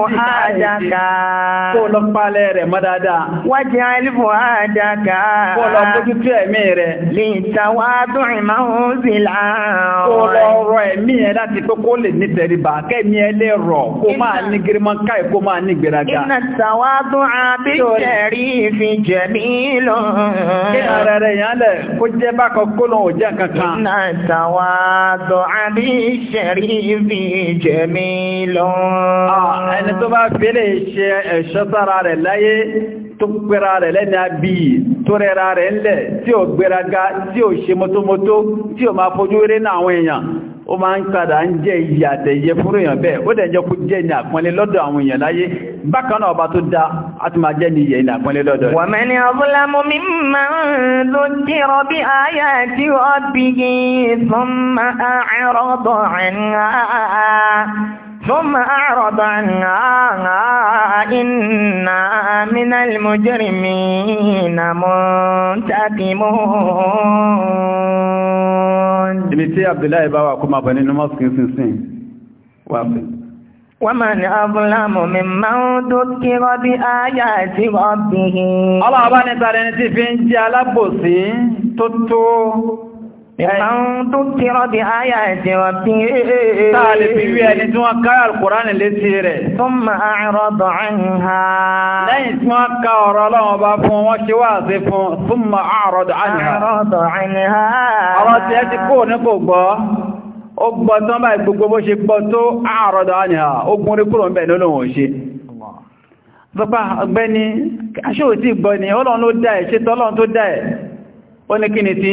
fuhadaka. Kó lọ palẹ̀ rẹ̀ mọ́ dáadáa. Waj'al fuhadaka. Kó lọ bójú tó ẹ̀mí rẹ̀. Lè tàwa dùn manzila. Kó lọ rọ ẹ̀mí ẹ̀ láti pé kó lè ní tẹríba. Kẹ́mi ẹ lè rọ̀ kó máa ní girima káì kó máa ní gbéraga. Inna tàwa àbí tẹ̀rí fi jẹ̀mí lọ. Kí ara rẹ̀ yàn lẹ̀ kó jẹ́ bákan kó lọ òjẹ́ kankan ẹni tó bá fẹ́lẹ̀ ṣe ẹ̀ṣọ́ sára rẹ̀ láyé tó pẹ́ra rẹ̀ lẹ́ni àbí tó rẹra rẹ̀ ńlẹ̀ tí ò gbéraga tí ò ṣe mọ́tómọ́tó tí ò máa fojú rí náà àwọn èèyàn ó máa ń padà ń jẹ ìyà àtẹ̀yẹ fún bẹ́ẹ̀ ó dẹ̀ jẹ́ kó jẹ́ ní àpọ́nlé lọ́dọ̀ àwọn èèyàn láyé bákan ọba tó dá a ti máa jẹ́ ní ìyẹ̀ ní àpọ́nlé lọ́dọ̀ wa man azlamu mimman dhukkira bi ayati rabbihi thumma a'rada 'anha ثم أعرض عنها إنا من المجرمين منتقمون ibi tí Abdullahi bá wà kó máa bọ̀ nínú mọ́sùn sínsìn wà fẹ́ ومن أظلم ممن ذكر بآيات ربه ọlọ́ọ̀bá ní tàrẹ ní ti fi ń jẹ́ alábòsí tó tó Ìfàun tó ti rọ́bì ayà ẹ̀sìn ọ̀bí. Táà lè fi wí ẹni tí wọ́n ká Al-Kùránì létí rẹ̀. Fún máa rọ́bọ̀ àìhà. Lẹ́yìn tí wọ́n ká ọ̀rọ̀ ọlọ́wọ́ bá fún wọ́n ṣe wá sí fún fún máa rọ́bọ̀ àìhà. Ọ̀rọ̀ tí ẹ Ó gbọ́ tán báyìí gbogbo bó ṣe gbọ́ tó àrọ̀dọ̀ àìhà. Ó orí kúrò ń bẹ̀ lólóhùn ṣe. Sọpá ọgbẹ́ni, aṣóòtí ìgbọ́ ni, ọlọ́run ló dá ẹ̀, ṣe tọ́lọ́run tó dá ẹ̀. Ó ní kí ni ti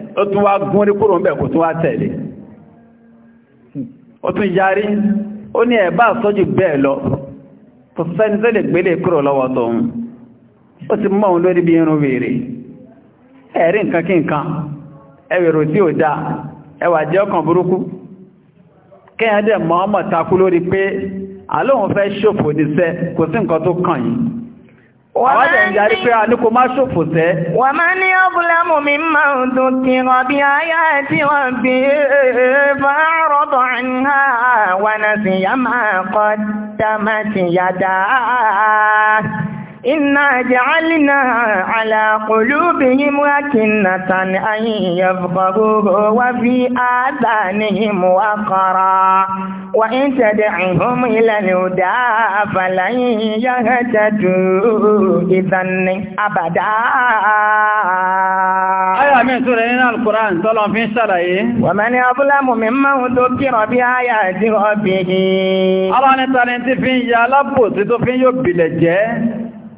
ó tún wá gún rí kúrò ń bẹ̀ kò tún wá tẹ̀lé ó tún yarí ó ní ẹ̀bá sọ́jú bẹ́ẹ̀ lọ kò sẹ́ni tó lè gbélé kúrò lọ́wọ́ tóun ó ti mọ́ òun lórí bí irun wèrè ẹ̀rí nǹkan kí nǹkan ẹ̀wẹ̀rò tí ò dáa ẹwà jẹ́ ọkàn burúkú kẹ́yàn dẹ̀ mọ́ ọmọ takú lórí pé àlóhun fẹ́ ṣòfò níṣẹ́ kò sí nǹkan tó kàn yìí Àwọn àjẹ́ ń jarí pé a ní kò má ṣòfò tẹ́. Wọ́n máa ní ọ́bùlámù mi máa ń dùn kí rọ̀bí ayá tí wọ́n bí fárọ́bọ̀ ńlá wà sì yá máa kọ́ dámà sí yàdá. Iná jẹ́álínà àlàkùlú bí i mú àkínà tàní fi áàdà ní ìmú Wa wà ń tẹ̀dẹ̀ àìhọ́mù ìlànà òdá àfàlàyìn yára tẹ̀dù ìdánni àbàdá. Ayà mi tún rẹ̀ nínú Alkùrán tọ́lọ fi ń ṣàlàyé. Wà mẹ́ni ọbúlámù mi máa ń tó kírọ bí ayà àti ọbìnrin. Ọlọ́ni tọ́ni ti fi ń ya alábòsí tó fi ń yóò bìlẹ̀ jẹ́.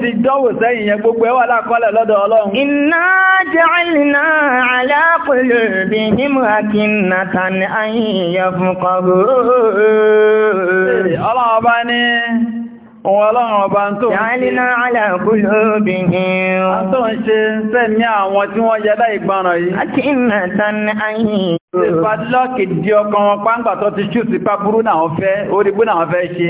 ti dánwò sẹ́yìn yẹn gbogbo ẹwà lákọọ́lẹ̀ lọ́dọ̀ ọlọ́run. Inna ja'alna ala qulubihim akinnatan an yafqahu. Ọlọ́run ọba ní Òun ọlọ́run Padlock di ọkàn wọn pàǹgbà tó ti ṣú sí pàbúrú náà fẹ́, orígbó náà fẹ́ ṣe.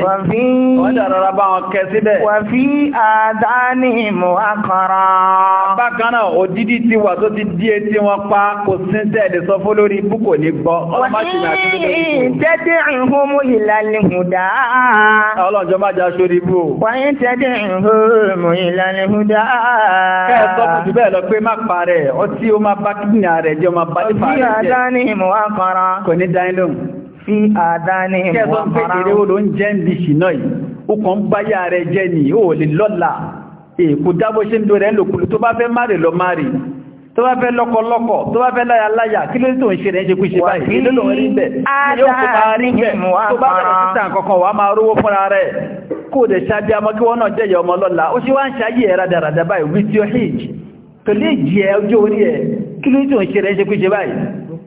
Wọ́n dàrọ̀rọ̀ bá wọn kẹ síbẹ̀. Wà fi àdáni mú akọ̀rọ̀. Bákan òdídí ti wà tó ti dí tí wọn pa kò sí tẹ́ẹ̀dẹ̀ sọ fó lórí ibú kò ní gbọ́. Wọ́n àdánihim wá fara. kò ní dání lóhùn. fi àdánihim wá fara. kẹ́sọ̀ pé èrè wo ló ń jẹ́ ń bi ṣìnà yìí ó kàn ń báyà rẹ̀ jẹ́ ni ó lè lọ́la èkó dábò ṣe ń do rẹ̀ ń lòkulù tó bá fẹ́ má rè lọ má rè tó bá fẹ́ lọ́kọ̀lọ́kọ̀ tó bá fẹ́ láyàláyà kí ló tó ń ṣe rẹ̀ ṣe kú báyìí kí ló lòun rí bẹ́ẹ̀ yóò kó máa rí bẹ́ẹ̀ tó bá bẹ̀rẹ̀ títà kankan wàá máa rówó fúnra rẹ̀ kó with your age kò lè jẹ́ ọjọ́ orí ẹ̀ kí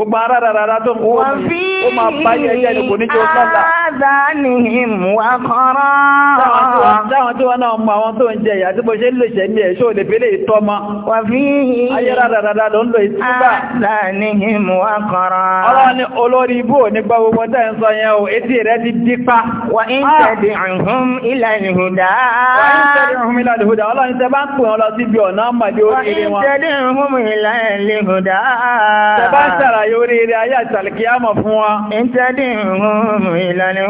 gbogbo ara rárá tó mú ó máa báyẹ̀ ẹ̀yẹ́ ni kò ní jẹ́ ó sálà azanihim ah. wa kọ́rọ́. Dáwọn tí wọ́n náà mọ àwọn tó ń jẹ ìyà tí mo ṣe ń lè ṣe ní ẹ̀ṣọ́ lè fẹ́lẹ̀ ìtọ́ mọ́. Wà fi hì. Ayé rárára ló ń lo bá ń pè wọn lọ síbi ayé àtàlìkíyàmọ̀ fún wọn. Ń tẹ̀dẹ̀ ọ̀hún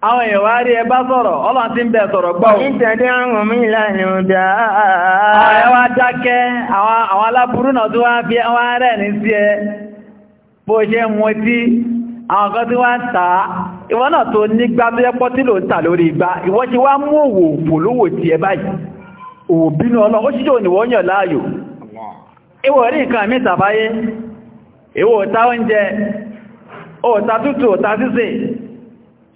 àwọn èèyàn wá rí ẹbá sọ̀rọ̀ ọlọ́n tí ń bẹ sọ̀rọ̀ gbọ́ ìtẹ̀dẹ̀ ọ̀rùn mi láàrin ọjà àwọn wá dákẹ́ àwọn aláburú náà tó wá fi wá rẹ̀ ní sí ẹ bó ṣe mú tí àwọn kan tí wá ń tà á náà tó nígbà tó tí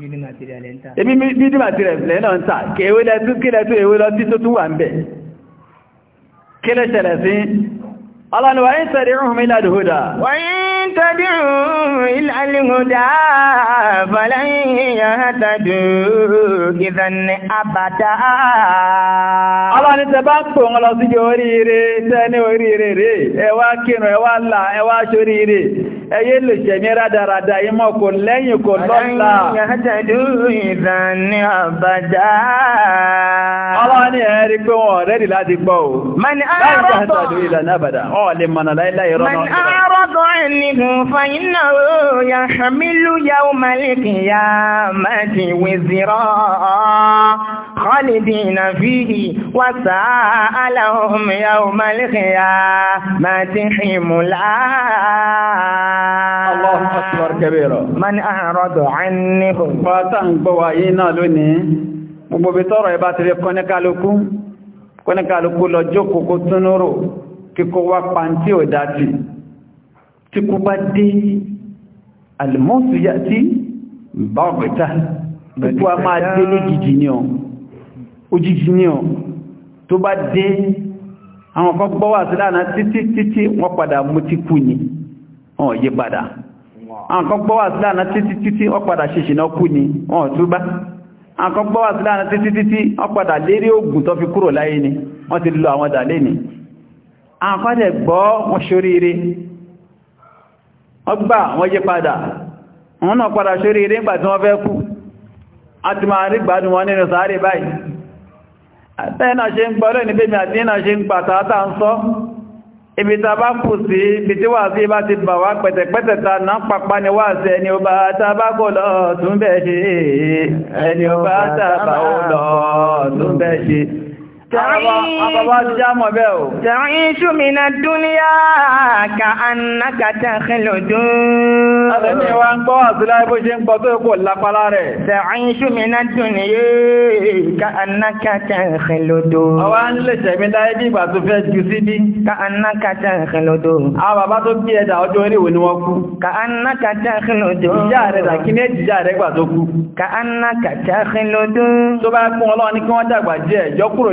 ebi bídí material lẹ́yìn náà ń tà kí ewé lẹ́tún kí lẹ́tún ewé lọ tí tó tún wà ń bẹ̀ kí lẹ́ṣẹ̀lẹ̀ sí ọlọ́ni wà ń sẹ̀rí rùn mí ládùúdà wà ń تدعوا إلى الهدى فلن يهتدوا إذا أبدا Allah ni tẹ bá ń pò wọn lọ sí jẹ oríire tẹ́ ní oríire rẹ̀ ẹwà kírùn ẹwà là ẹwà ṣoríire ẹyẹ lè ṣẹ̀mí rádaràdà ìmọ̀ kò lẹ́yìn kò lọ́la. Allah ni ẹ̀rí pé wọn rẹ́dì láti gbọ́ o. Láìsàn àtàdù ìlànà àbàdà, ọ̀ lè mọ̀nà láìláì rọ́nà. يعلم فإنه يحمل يوم القيامة وزرا خالدين فيه وساء لهم يوم القيامة حملا الله أكبر كبيرا من أعرض عنه فاتن بوائنا لني gbogbo bí tọ́rọ ẹbá ti rí kọ́níkálukú kọ́níkálukú lọ jókòó kó túnúrò kíkó wá pàntí ò dátì tí kú bá dé alìmọ́sù yá tí bá ọ̀gbẹ̀ta púpọ̀ a máa dé ní gidi ní ọ ojíjì ní ọ tó bá dé àwọn kan gbọ́ wà sí lánàá títí títí wọ́n padà mú ti kú ni wọ́n yí padà àwọn kan gbọ́ wà sí lánàá títí títí wọ́n padà ṣeṣì náà kú ni wọ́n túbá àwọn kan gbọ́ wà sí lánàá títí títí wọ́n padà lérí oògùn tó fi kúrò láyé ni wọ́n ti lo àwọn dà ni àwọn kan dẹ̀ gbọ́ wọn ṣoríire ọgbà wọ́n yí padà wọ́n náà padà ṣorí eré ńgbà tí wọ́n fẹ́ kú a ti máa rí gbádùn wọn nínú sàárè báyìí àtẹ́ẹ̀nà ṣe ń gbọ́rọ̀ ní bèbí àti ìnà ṣe ń pàtàtà ń sọ ibi ta bá kù sí ibi tí wà sí bá ni تعيش من الدنيا كأنك تخلد تعيش من الدنيا كأنك تخلد wọ́n kú كأنك تخلد ìjà rẹ̀ dàkí ní tó kú كأنك تخلد tó bá kún ọlọ́run ní kí wọ́n dàgbà jẹ́ ẹ̀jọ́ kúrò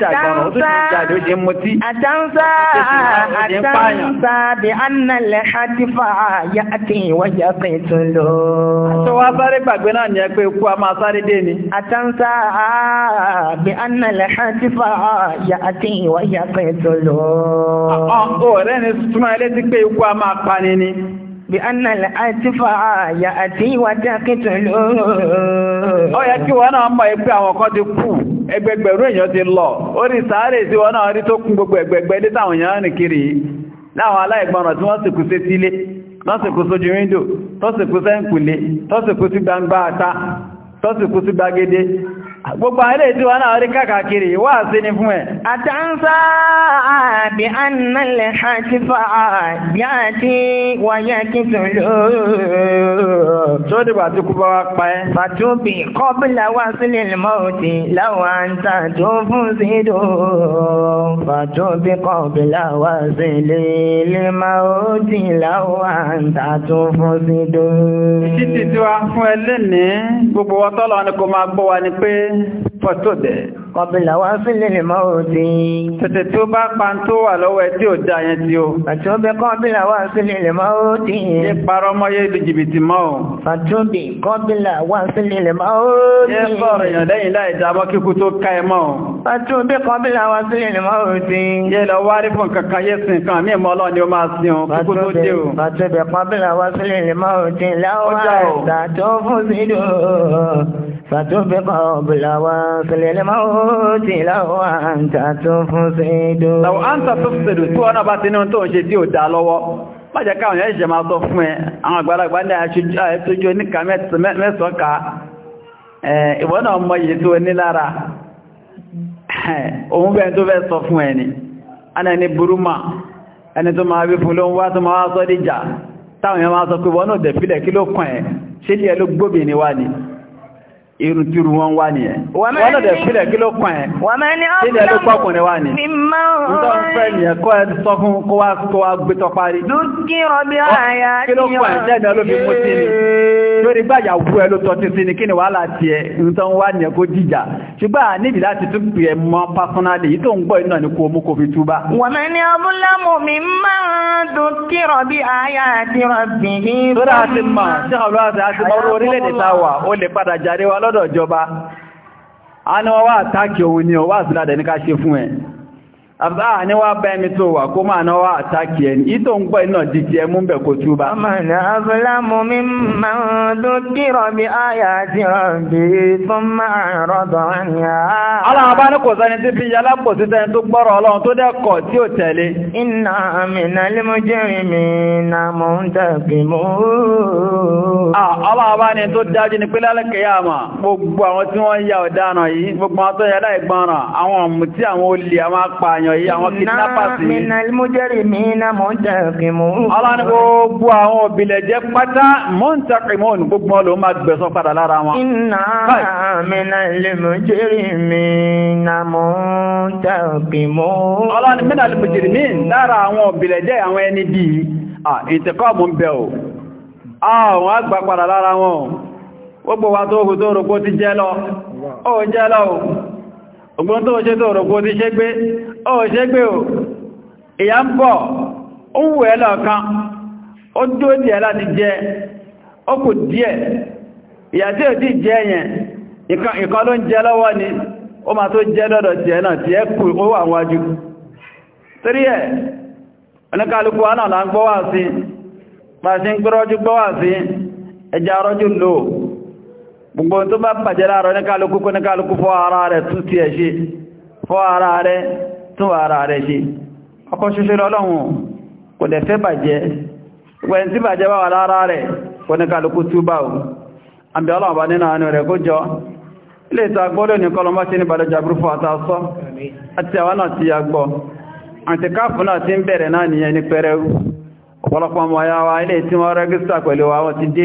àtàǹsà àtàǹsà bí anna lè hàtífà yá àti ìwọ́jà pẹ̀ tún lọ. tó wá sáré gbàgbé náà ní ẹgbẹ́ ikú a máa sáré dé ni. àtàǹsà bí anna lè hàtífà yá àti ìwọ́jà pẹ̀ tún lọ. ọ̀rẹ́ ni túnmọ̀ ilé بأن الأدفع يأتي وتقتل ó yẹ kí wọ́n náà mọ̀ ẹgbẹ́ àwọn èèyàn ti lọ ó rí sáré tí wọ́n náà rí tó kún gbogbo ẹgbẹgbẹ́ ní táwọn èèyàn rìn kiri láwọn tí wọ́n sì kú sí sílé kú sójú kú sẹ́ǹkùlé kú sí gbangba gbogbo àrí ètí wọn náà rí kàkàkiri wà sí ní fún ẹ̀. àtàǹsà àbí annalẹ̀ àtífà àbí àti wáyé kí tó lóòrò. tó dìbà tí kú bá wá pa ẹ́. fàtúbì kọ́bílà wá sílẹ̀ lọ́wọ́tì láwọn àǹtà títí tí wàá fún ẹ lónìí gbogbo wọn ni kò máa gbọ́ wa ni pé fọ́tò bẹ̀ kọbílà wá fílẹ̀ lè máa ò dí. Tètè tó bá pa tó wà lọ́wọ́ ẹ tí ò dá yẹn tí ó. Fàtóbi kọbílà wá fílẹ̀ lè máa ò dí. Yé parọ́ mọ́ yé ibi jìbìtì mọ́ o. Fàtóbi kọbílà wá fílẹ̀ lè máa ò dí. Yé sọ̀rọ̀ èèyàn lẹ́yìn láì jábọ́ kíkú tó ká ẹ mọ́ o. Fàtóbi kọbílà wá fílẹ̀ lè máa ò dí. Yé lọ wárí fún kankan yé sin kan mí mọ́ lọ́ni ó máa sin o kíkú tó dé o. Fàtóbi kọbílà wá fílẹ̀ lè máa ò dí. Láwọn àṣà tó fún sí ti láwọ́ àǹtà tó fún sí ìdó. Láwọ́ àǹtà tó fún sí ìdó tí wọ́n náà bá ti ní tó ń ṣe tí ò dá lọ́wọ́. Má jẹ́ káwọn yẹ́ ìṣẹ̀má tó fún ẹ, àwọn àgbàlagbà ní àṣíjú oníkà mẹ́sàn-ká, ìwọ́n náà mọ iye tó ní lára. Òun bẹ́ẹ̀ tó sọ fún ẹni, ẹni ní Burúmà, ẹni tó máa wí fún ló sọ ni. irun tí irun wọn wá nìyẹn wọ́n lọ́dẹ̀ sílẹ̀ kí ló kàn ẹ́ kí ni ẹlú pọ́kùnrin wá ní ǹtọ́ ń fẹ́ nìyẹn kọ́ ẹ sọ fún kó wá tó wá gbé tọ́ parí kí ló kàn ẹ́ jẹ́ni ọlọ́bí mú sí ni lórí gbàjà wú ẹ ló tọ́tí sí ni kí ni wàhálà tiẹ̀ ǹtọ́ ń wá nìyẹn kó jíjà ṣùgbọ́n à nídìí láti tún pè é mọ́ pásánálì yìí tó ń gbọ́ iná ni kò mú kò fi túbá. wọ́n ní abúlámù mi máa dùn kí rọ̀bì àyà àti rọ̀bì yìí. tó dáa ti mọ̀ sí ọlọ́run àti ọlọ́run orílẹ̀-èdè táwa ó lè padà jáde wa lọ́ lọ́dọ̀ ọjọba, a ní wọ́n wá àtàkì òun ni ọwá àsìládẹ̀ ní ká ṣe fún ẹ̀ àbá ní wá bá ẹni tó wà kó máa náwà àtàkì ẹni ìtò ń gbọ́ iná dìtì ẹmú bẹ̀ kò túbá. ọmọdé abúlámù mi máa ń dún kírọ̀ bí ayà àti ọ̀bí tó máa rọ̀dọ̀ àyà. aláwọ̀ bá ní kò sẹ́ni tí fi yálà pọ̀ sí sẹ́ni tó gbọ́rọ̀ ọlọ́run tó dẹ́kọ̀ tí ó tẹ̀lé. iná mi nà límú mi nà mò ń mú. aláwọ̀ apààyàn yìí àwọn kidnappers yìí. iná minal mujrimina muntaqimun. aláni gbogbo àwọn gbogbo wọn ló máa gbẹ̀sán padà lára wọn. iná minal mujrimina muntaqimun. aláni minal mujrimin lára àwọn òbílẹ̀jẹ́ àwọn ẹni bí ìtẹ̀kọ́mù ń bẹ̀ o àwọn wọn gbogbo wa ọgbọ́n tó ṣe tó rọ̀gbọ́ ti ọ ṣe o ìyá ń bọ̀ ó wù ẹ́ lọ́ọ̀kan ó dó díẹ̀ láti jẹ ó kù díẹ̀ ìyà ò tí yẹn ìkan ló ń jẹ ni ó ma tó jẹ lọ́dọ̀ tí ẹ náà tí ẹ kù ó wà wájú wa gbogbo tó bá bàjẹ́ láàrọ̀ ní kálukú kó ní kálukú fọ́ ara rẹ̀ tún ti ẹ̀ ṣe fọ́ ara rẹ̀ tún ara rẹ̀ ṣe ọkọ̀ ṣoṣo lọ́lọ́run kò dẹ̀ fẹ́ bàjẹ́ gbẹ̀yìn tí bàjẹ́ wà lára rẹ̀ kó ní kálukú túbà ò àbí ya ilé tí wọ́n pẹ̀lú àwọn ti dé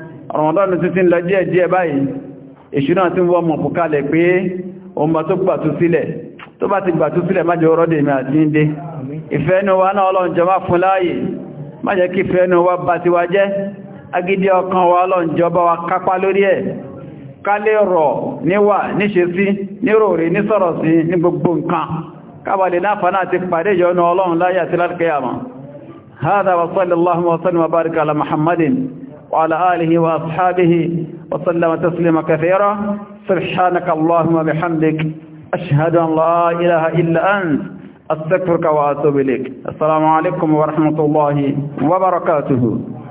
ọ̀rọ̀mọ̀dọ́nù títí lọ díẹ̀ díẹ̀ báyìí ìṣúná tí wọ́n mọ̀ pùkalẹ̀ pé ọmọ tó gbàtú sílẹ̀ tó bá ti gbàtú sílẹ̀ má jẹ́ ọrọ́dẹ̀ mi àti ń dé ìfẹ́ inú wa náà ọlọ́njọ́ má fún láàyè má jẹ́ kí ìfẹ́ inú wa bá ti wá jẹ́ agídí ọkàn wa ọlọ́njọ́ bá wa kápá lórí ẹ̀ ká lè rọ̀ níwà níṣe sí níròrí nísọ̀rọ̀ sí ní gbogbo nǹkan kábàlẹ̀ láfàánà àti pàdé ìjọ́nà ọlọ́run láyé àti lálùkẹ́yàmọ̀ هذا وعلى آله وأصحابه وسلم تسليما كثيرا سبحانك اللهم وبحمدك أشهد أن لا إله إلا أنت أستغفرك وأتوب إليك السلام عليكم ورحمة الله وبركاته